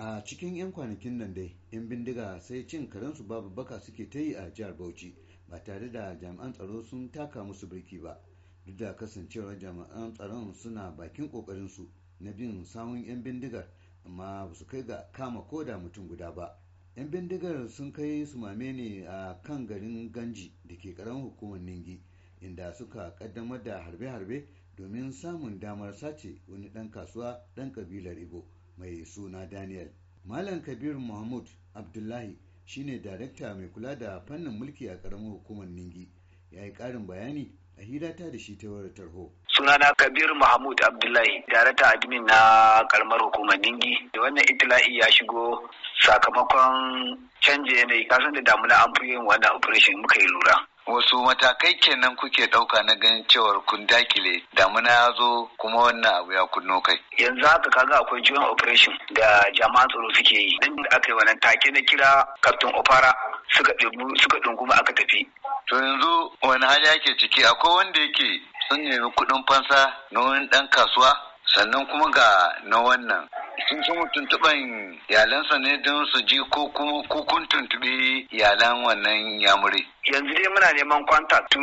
a cikin 'yan kwanakin nan dai 'yan bindiga sai cin karensu babu baka suke ta yi a jihar bauchi ba tare da jami'an tsaro sun taka musu birki ba duk da kasancewar jami'an tsaron suna bakin kokarinsu na bin samun 'yan bindigar amma ba su kai ga kama koda mutum guda ba 'yan bindigar sun kai su mame ne a kan garin ganji da ke karan hukumar ningi inda suka kaddamar da harbe-harbe domin samun damar sace wani ɗan kasuwa ɗan kabilar ibo mai suna daniel malam kabir mahmud abdullahi shine darakta mai kula da fannin mulki a karamar hukumar ningi ya yi karin bayani a hirata da shi ta wayar tarho sunana kabir mahmud abdullahi darata admin na karamar hukumar ningi da wannan itila'i ya shigo sakamakon canje yanayi kasan da damuna an fi yin wannan operation muka yi lura wasu matakai kenan kuke ɗauka na ganin cewar kun dakile damuna ya zo kuma wannan abu ya kunno kai. Yanzu haka kaga akwai joint operation da jama'an tsaro suke yi. Dan da aka yi wannan take na kira Captain Opara suka ɗungu suka ɗunguma aka tafi. To yanzu wani hali yake ciki akwai wanda yake sun nemi kuɗin fansa na wani ɗan kasuwa sannan kuma ga na wannan kin mutum tuban iyalansa ne don su ji ko kuma ko kun tuntuɓi iyalan wannan yamuri. Yanzu dai muna neman kwanta tu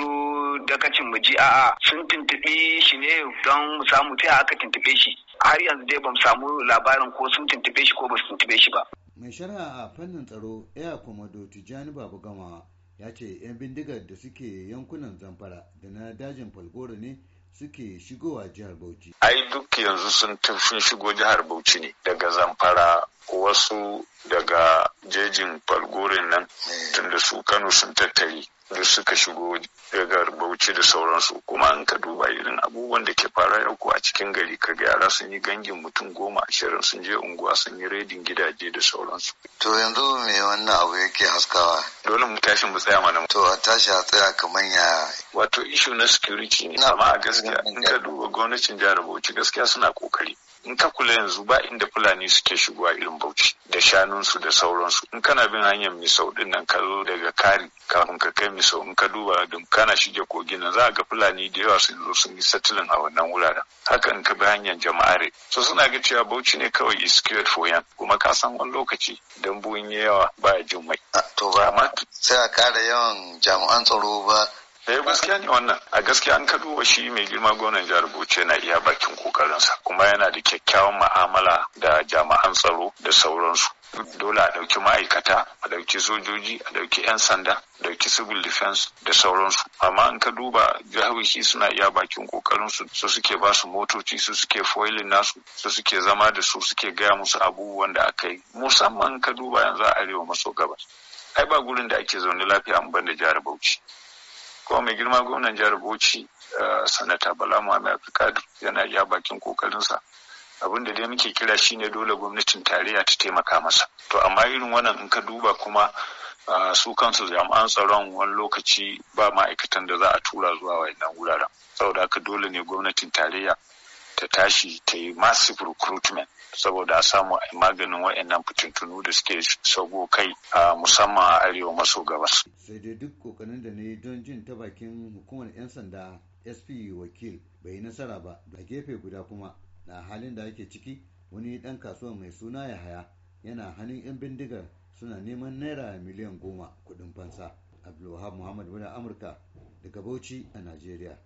dakacin mu ji a'a sun tuntuɓi shi ne don mu samu ta aka tuntuɓe shi. Har yanzu dai bamu samu labarin ko sun tuntuɓe shi ko ba su tuntuɓe shi ba. Mai shara a fannin tsaro Air Komodo Tijjani Babu Gama ya ce 'yan bindigar da suke yankunan Zamfara da na dajin Falgore ne suke shigowa jihar Bauchi. Ai duk yanzu sun sun shigo jihar Bauchi ne daga Zamfara wasu daga jejin falgore nan hmm. tunda su Kano sun tattari da suka shigo daga bauchi da sauransu kuma in ka duba irin abubuwan da ke fara yau a cikin gari ka ga yara sun yi gangin mutum goma ashirin sun je unguwa sun yi redin gidaje da sauransu. to yanzu me wannan abu yake haskawa. dole mu tashi mu tsaya mana. to a tashi a tsaya kamar ya. wato ishu na security ne amma a gaskiya in ka duba gwamnatin jihar bauchi gaskiya suna kokari. in ka kula yanzu ba inda fulani suke shigowa irin bauchi da shanunsu da sauransu in kana bin hanyar misau din nan ka zo daga kari kafin ka kai miso in ka duba kana shige kogin nan za a ga fulani da yawa sun zo sun yi settling a wannan wuraren haka in ka bi hanyar jama'are so suna ga cewa bauchi ne kawai is cured for yan kuma ka san wani lokaci dan buyin yawa baya jin mai to ba ma sai a kara yawan jami'an tsaro ba eh gaskiya ne wannan a gaskiya an ka duba shi mai girma gwamnan jihar Bauchi yana iya bakin kokarinsa kuma yana da kyakkyawan ma'amala da jami'an tsaro da sauransu dole a ɗauki ma'aikata a ɗauki sojoji a ɗauki 'yan sanda a ɗauki civil defense da sauransu amma an ka duba jihohi suna iya bakin kokarin su su suke ba su motoci su suke foilin nasu su suke zama da su suke gaya musu abubuwan da aka yi musamman ka duba yanzu a arewa maso gabas ai ba gurin da ake zaune lafiya an banda jihar Bauchi kuma mai girma gwamnan jihar bauchi uh, sanata bala muhammad abdulkadir yana ja bakin kokarinsa abin da dai muke kira shine dole gwamnatin tarayya ta taimaka masa to amma irin wannan in ka duba kuma uh, su kansu jami'an tsaron wani lokaci ba ma'aikatan da za a tura zuwa wayannan wuraren saboda haka dole ne gwamnatin tarayya ta tashi ta yi massive recruitment saboda a samu maganin waɗannan fitintunu da suke sago kai a musamman a arewa maso gabas. sai dai duk kokarin da ne don jin ta bakin hukumar 'yan sanda sp wakil bai yi nasara ba da gefe guda kuma na halin da ake ciki wani dan kasuwa mai suna ya haya yana hannun 'yan bindigar suna neman naira miliyan goma kuɗin fansa abdulwahab muhammad wani amurka daga bauchi a najeriya